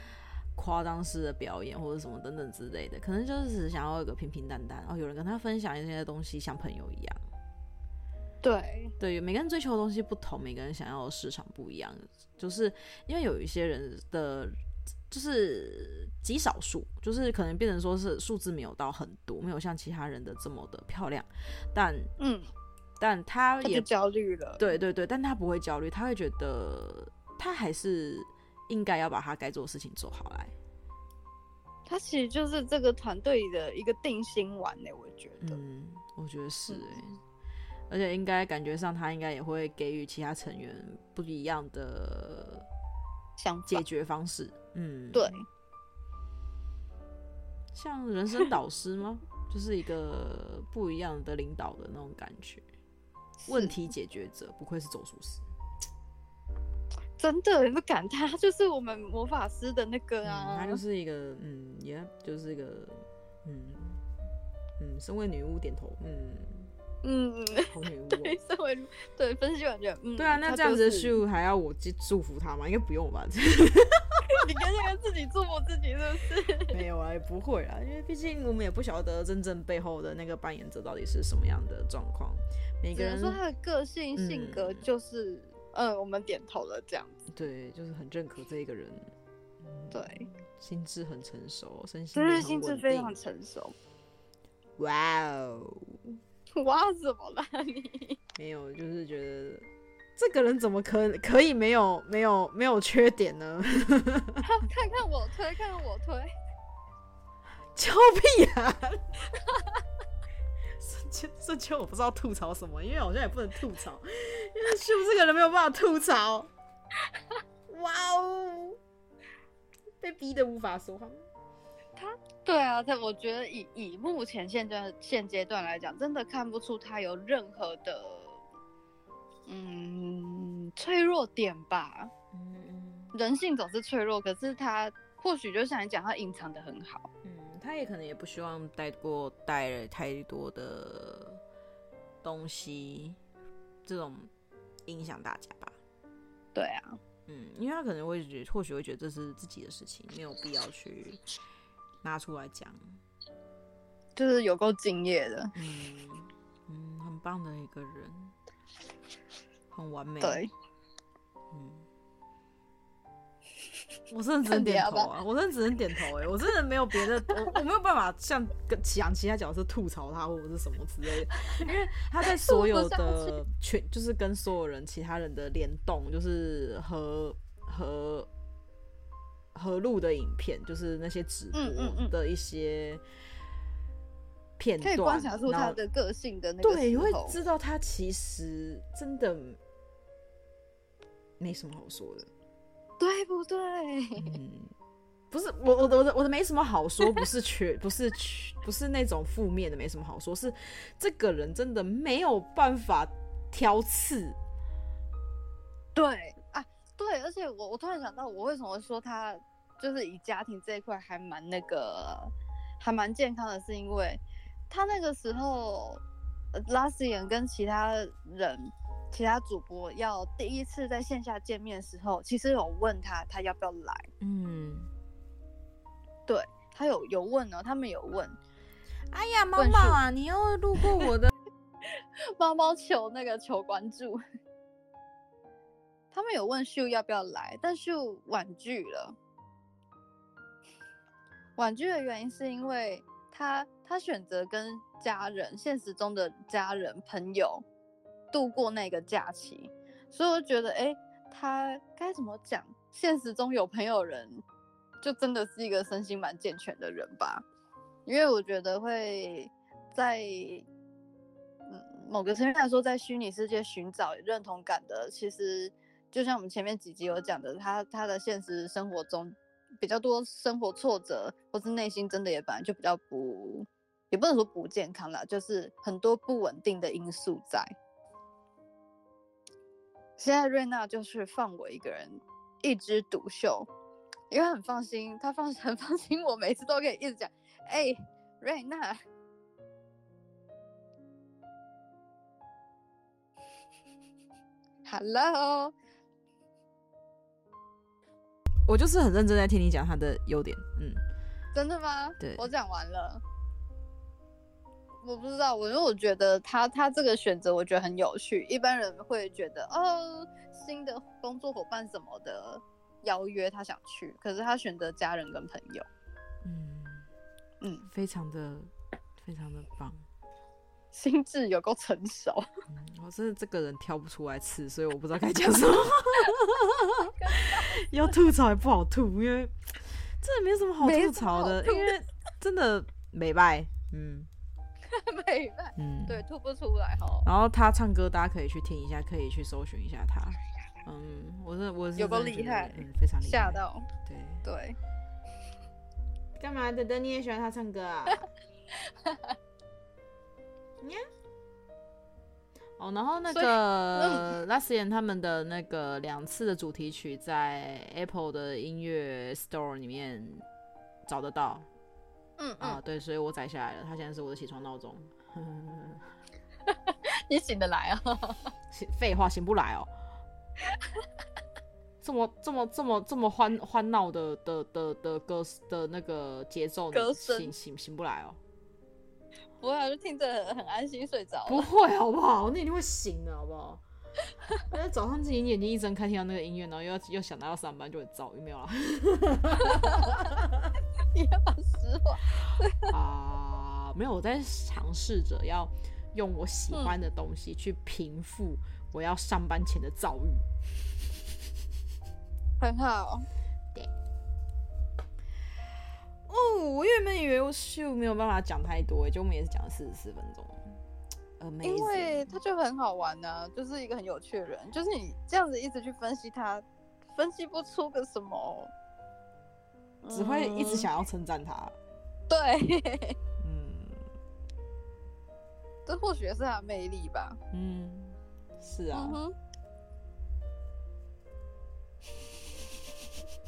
誇張式的表演或者什麼等等之類的，可能就是只想要一個平平淡淡，然、哦、後有人跟他分享一些東西，像朋友一樣。對對，每個人追求的東西不同，每個人想要的市場不一樣，就是因為有一些人的就是極少數，就是可能變成說是數字沒有到很多，沒有像其他人的這麼的漂亮，但嗯，但他也他焦慮了。對對對，但他不會焦慮，他會覺得他還是。應該要把他該做的事情做好來。他其實就是這個團隊的一個定心丸呢。欸，我覺得，嗯，我覺得是，欸，嗯，而且應該感覺上他應該也會給予其他成員不一樣的解解決方式，法嗯，對，像人生導師嗎？ 就是一個不一樣的領導的那種感覺，是問題解決者，不愧是咒術師。真的，你敢他，他就是我們魔法師的那個啊，嗯、他就是一個嗯，也、yeah, 就是一個嗯嗯，身為女巫點頭，嗯嗯，嗯女巫對對分析完就嗯，對啊，那這樣子的 Shu 還要我祝福他嗎？應該不用吧？你乾脆自己祝福自己，是不是？沒有啊，也不會啊，因為畢竟我們也不曉得真正背後的那個扮演者到底是什麼樣的狀況。每個人說他的個性性格就是、嗯。嗯，我們點頭了，這樣子。對，就是很認可這一個人。對，心智很成熟，身心就是心智非常成熟。哇哦 Wow，哇，wow, 怎麼辦？你沒有，就是覺得這個人怎麼可以可以沒有沒有沒有缺點呢？ 看看我推，看看我推，俏皮啊！ 這這我不知道吐槽什麼，因為好像也不能吐槽，因為是不是可能沒有辦法吐槽。 哇哦，被逼得無法說話。他，對啊，他我覺得以以目前現在現階段來講，真的看不出他有任何的嗯脆弱點吧。嗯，人性總是脆弱，可是他或許就像你講，他隱藏得很好。嗯他也可能也不希望帶過、帶太多的東西、這種影響大家吧。對啊，嗯，因為他可能會覺得，或許會覺得，這是自己的事情，沒有必要去拿出來講，就是有夠敬業的，嗯嗯，很棒的一個人，很完美。對，嗯。我真的只能點頭啊！我真的只能點頭哎、欸！我真的沒有別的，我我沒有辦法像跟其他其他角色吐槽他或者是什麼之類的，因為他在所有的全就是跟所有人其他人的聯動，就是和和和錄的影片，就是那些直播的一些片段，的個性的那對，你會知道他其實真的沒什麼好說的。對不對？嗯，不是我，我的，我我沒什麼好說，不是缺， 不是缺，不是那種負面的，沒什麼好說，是這個人真的沒有辦法挑刺。對，啊，對，而且我我突然想到，我為什麼會說他就是以家庭這一塊還蠻那個，還蠻健康的，是因為他那個時候，拉斯岩跟其他人。其他主播要第一次在線下見面的時候，其實有問他，他要不要來。嗯，對，他有有問哦，他們有問。哎呀，貓貓啊，你又路過我的貓貓球，那個求關注。 他們有問秀要不要來，但秀婉拒了。婉拒的原因是因為他他選擇跟家人，現實中的家人朋友。度過那個假期，所以我覺得，哎、欸，他該怎麼講？現實中有朋友人，就真的是一個身心蠻健全的人吧。因為我覺得會在，嗯，某個層面來說，在虛擬世界尋找認同感的，其實就像我們前面幾集有講的，他他的現實生活中比較多生活挫折，或是內心真的也本來就比較不，也不能說不健康啦，就是很多不穩定的因素在。現在瑞娜就是放我一個人一枝獨秀，因為很放心，她放很放心我每次都可以一直講，哎、欸，瑞娜，Hello，我就是很認真在聽你講她的優點，嗯，真的嗎？對，我講完了。我不知道，我因為我覺得他他這個選擇我覺得很有趣。一般人會覺得哦，新的工作夥伴什麼的邀約，他想去，可是他選擇家人跟朋友。嗯嗯，非常的非常的棒，心智有夠成熟。我真的這個人挑不出來刺，所以我不知道該講什麼。 要吐槽也不好吐，因為真的沒什麼好吐槽的，因為、欸、真的沒敗， 嗯。美 白嗯，對，吐不出來吼，然後他唱歌，大家可以去聽一下，可以去搜尋一下他。嗯，我是我是有多厲害、嗯？非常厲害嚇到。對對。幹對 嘛？等等，你也喜歡他唱歌啊？哈哦 喵，oh, 然後那個 Luxiem 他們的那個兩次的主題曲，在 Apple 的音樂 Store 裡面找得到。嗯，嗯啊對，所以我載下來了。他現在是我的起床鬧鐘。 你醒得來哦？廢話，醒不來哦。 這麼這麼這麼這麼歡歡鬧的的的的，的歌的那個節奏，歌聲醒醒醒不來哦。不會、啊，就聽着很安心睡着。不會好不好？我那你就會醒的、啊，好不好？那早上自己眼睛一睜開，聽到那個音樂，然後又又想到要上班，就會有沒有了。 你好失望啊！沒有，我在嘗試着要用我喜歡的東西去平復我要上班前的躁鬱。很好。對。哦，我原本以為我秀沒有辦法講太多，結果我們也是講了四十四分鐘。Amazing。因為他就很好玩呢、啊，就是一個很有趣的人，就是你這樣子一直去分析他，分析不出個什麼。只會一直想要稱讚他，嗯、對， 嗯，這或許是他魅力吧，嗯，是啊，嗯哼，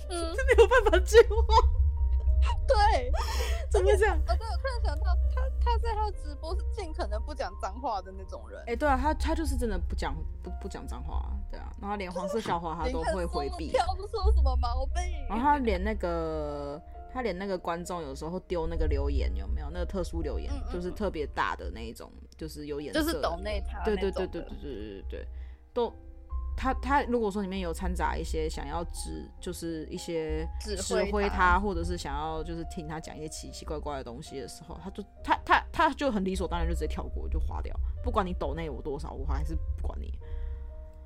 這 沒有辦法進化。對，怎麼會這樣？我突然想到他，他他在他的直播是盡可能不講髒話的那種人，誒、欸，對啊，他他就是真的不講不不講髒話，啊，對啊，然後連黃色笑話他都會回避。你看，什麼挑不出什麼毛病。然後他連那個他連那個觀眾有時候丟那個留言，有沒有那個特殊留言，嗯嗯嗯，就是特別大的那一種，就是有顏色的，就是懂他那他，對對對對對對對對，都。他他如果說裡面有摻雜一些想要指，就是一些指揮他，指揮他或者是想要就是聽他講一些奇奇怪、怪怪的東西的時候，他就他他他就很理所當然就直接跳過就劃掉，不管你抖內有多少，我還是不管你。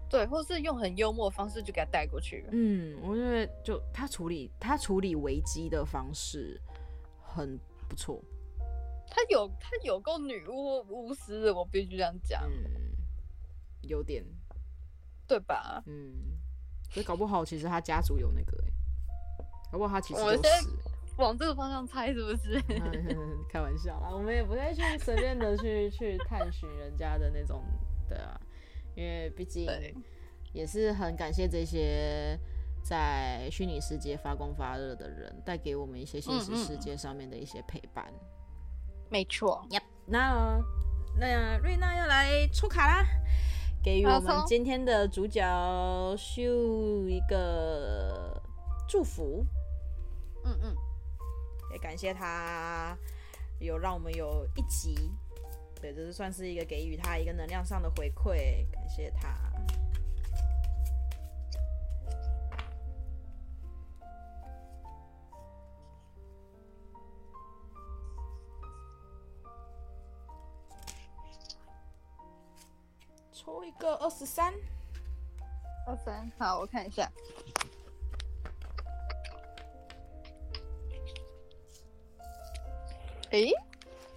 對，或是用很幽默的方式就給他帶過去。嗯，我覺得就他處理他處理危機的方式很不錯。他有他有夠女巫或巫師，我必須這樣講。嗯，有點。對吧？嗯，所以搞不好其實他家族有那個、欸、搞不好他其實有死。往這個方向猜是不是？ 啊、呵呵開玩笑啦，我們也不太去隨便的去 去探尋人家的那種對啊，因為畢竟也是很感謝這些在虛擬世界發光發熱的人，帶給我們一些現實世界上面的一些陪伴。沒錯，Yep。那那、啊、瑞娜要來出卡啦。給予我們今天的主角秀一個祝福，嗯嗯，也感謝他有讓我們有一集，對，這是算是一個給予他一個能量上的回饋，感謝他。個二十三，二三，23，好，我看一下。誒、欸，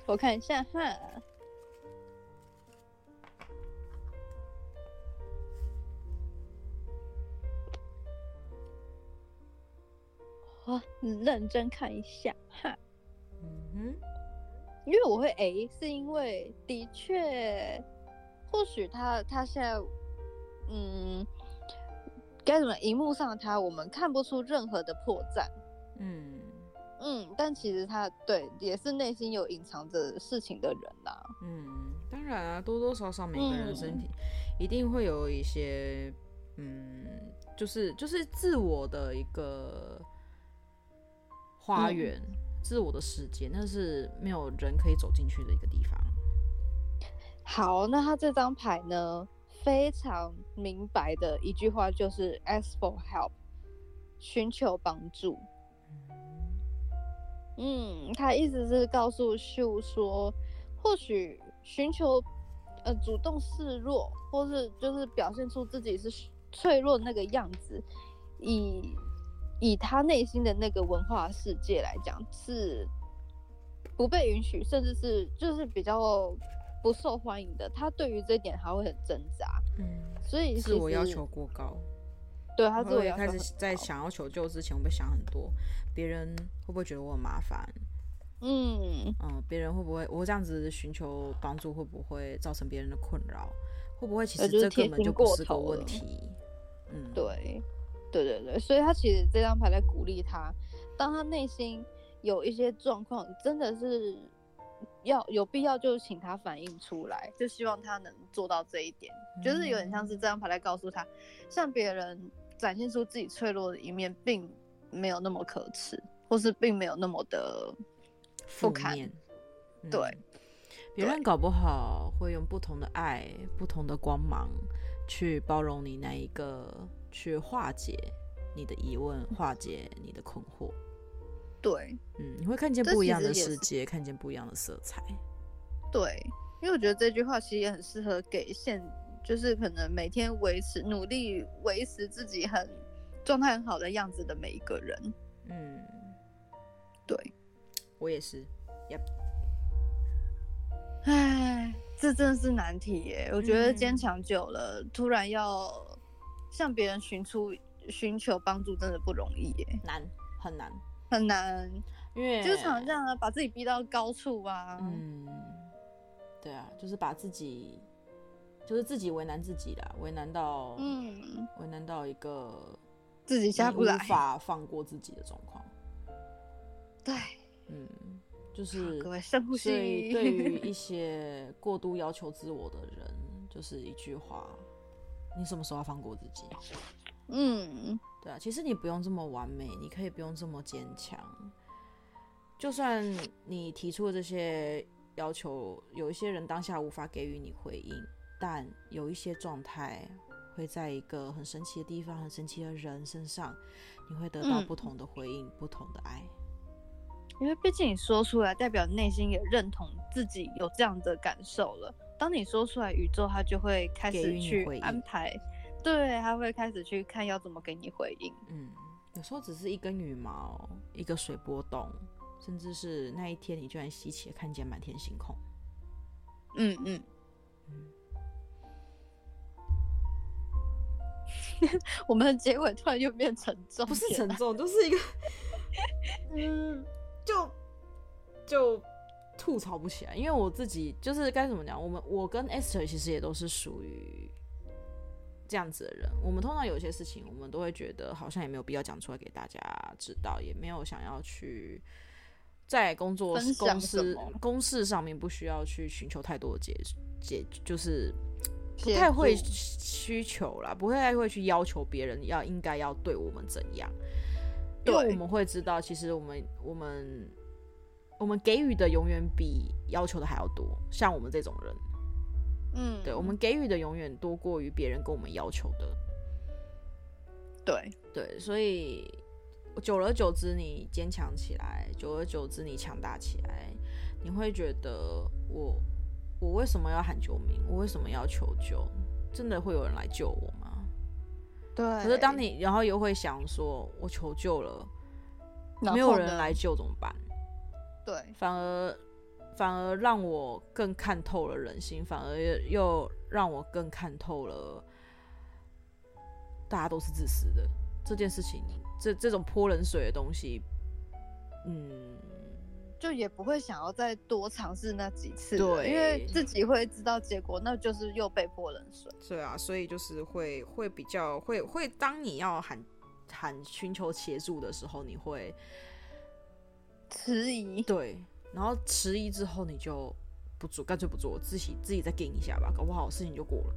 我看一下哈。我、哦、你認真看一下哈。嗯哼，因為我會誒，是因為的確。或許他他現在，嗯，該怎麼？熒幕上他，我們看不出任何的破綻。嗯嗯，但其實他對也是內心有隱藏着事情的人吶、啊。嗯，當然啊，多多少少每個人身體、嗯、一定會有一些，嗯，就是就是自我的一個花園，嗯、自我的世界，那是沒有人可以走進去的一個地方。好，那他這張牌呢？非常明白的一句話就是 “ask for help”，尋求幫助。嗯，他意思是告訴秀說，或許尋求，呃，主動示弱，或是就是表現出自己是脆弱的那個樣子，以以他內心的那個文化世界來講，是不被允許，甚至是就是比較。不受歡迎的，他對於這一點他會很掙扎，嗯，所以是我要求過高，對他自己開始在想要求救之前，我會想很多，別人會不會覺得我很麻煩，嗯，嗯，別人會不會我這樣子尋求幫助會不會造成別人的困擾，會不會其實這根本就不是個問題，嗯，對，對對對，所以他其實這張牌在鼓勵他，當他內心有一些狀況，真的是。要有必要就請他反映出來，就希望他能做到這一點，嗯、就是有點像是這張牌在告訴他，向別人展現出自己脆弱的一面，並沒有那麼可恥，或是並沒有那麼的不堪。嗯、對，別人搞不好會用不同的愛、不同的光芒去包容你那一個，去化解你的疑問，化解你的困惑。對，嗯，你會看見不一樣的世界，看見不一樣的色彩。對，因為我覺得這句話其實也很適合給現，就是可能每天維持、努力維持自己很狀態很好的樣子的每一個人。嗯，對，我也是。yep、哎，這真的是難題耶！我覺得堅強久了，嗯、突然要向別人尋求尋求幫助，真的不容易耶，難，很難。很難，因為就是常常，啊，把自己逼到高處啊。嗯，對啊，就是把自己，就是自己為難自己啦，為難到嗯，為難到一個自己下不來、無法放過自己的狀況。對，嗯，就是所以對於一些過度要求自我的人， 就是一句話，你什麼時候要放過自己？嗯。對啊，其實你不用這麼完美，你可以不用這麼堅強。就算你提出的這些要求，有一些人當下無法給予你回應，但有一些狀態會在一個很神奇的地方、很神奇的人身上，你會得到不同的回應、嗯、不同的愛。因為畢竟你說出來，代表內心也認同自己有這樣的感受了。當你說出來，宇宙它就會開始去安排。對，他會開始去看要怎麼給你回應。嗯，有時候只是一根羽毛，一個水波動，甚至是那一天你居然稀奇看見滿天星空。嗯嗯。嗯 我們的結尾突然就變沉重。不是沉重， 就是一個， 嗯，就就吐槽不起來，因為我自己就是該怎麼講，我們我跟 Esther 其實也都是屬於。這樣子的人，我們通常有些事情，我們都會覺得好像也沒有必要講出來給大家知道，也沒有想要去在工作、公司、公事上面不需要去尋求太多的解解，就是不太會需求啦，不會太會去要求別人要應該要對我們怎樣，對因為我們會知道，其實我們我們我們給予的永遠比要求的還要多，像我們這種人。嗯，對，我們給予的永遠多過於別人跟我們要求的。對對，所以我久而久之，你堅強起來，久而久之，你強大起來，你會覺得我我為什麼要喊救命？我為什麼要求救？真的會有人來救我嗎？對。可是當你然後又會想說，我求救了，沒有人來救怎麼辦？對，反而。反而讓我更看透了人心，反而又讓我更看透了，大家都是自私的這件事情。這這種潑冷水的東西，嗯，就也不會想要再多嘗試那幾次，對，因為自己會知道結果，那就是又被潑冷水。對啊，所以就是會會比較會會，會當你要喊喊尋求協助的時候，你會遲疑。對。然後遲疑之後，你就不做，乾脆不做，自己自己再頂一下吧，搞不好事情就過了。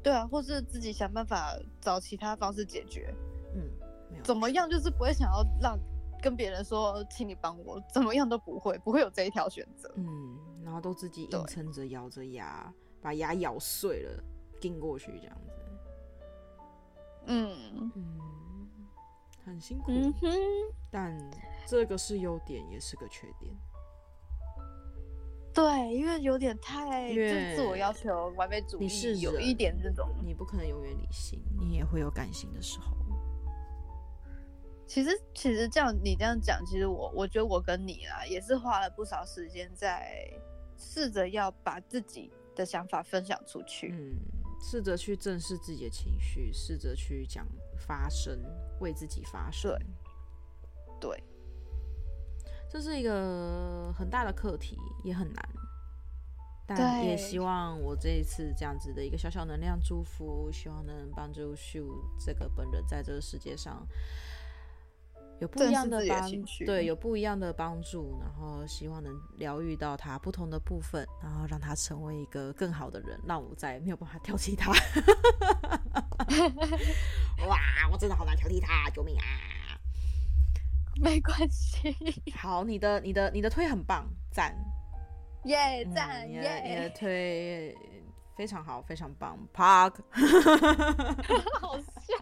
對啊，或是自己想辦法找其他方式解決。嗯，沒有，怎麼樣就是不會想要讓跟別人說，請你幫我，怎麼樣都不會，不會有這一條選擇。嗯，然後都自己硬撐着，咬着牙，對把牙咬碎了，頂過去這樣子。嗯嗯，很辛苦。嗯哼，但這個是優點，也是個缺點。對，因為有點太 yeah, 就自我要求、完美主義，有一點這種。你，你不可能永遠理性，你也會有感性的時候。其實，其實這樣你這樣講，其實我我覺得我跟你啊，也是花了不少時間在試着要把自己的想法分享出去。嗯，試着去正視自己的情緒，試着去講發聲，為自己發聲。對。這是一個很大的課題，也很難，但也希望我這一次這樣子的一個小小能量祝福，希望能幫助秀這個本人在這個世界上有不一樣的幫助，的對，有不一樣的幫助，然後希望能療癒到他不同的部分，然後讓他成為一個更好的人，讓我再也沒有辦法挑剔他。 哇，我真的好難挑剔他，救命啊！沒關係，好，你的、你的、你的推很棒，讚，耶，讚，耶，你的推非常好，非常棒，Park， 好笑像。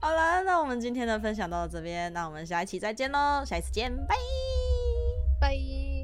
好啦，那我們今天的分享到這邊，那我們下一期再見嘍，下一次見，拜拜。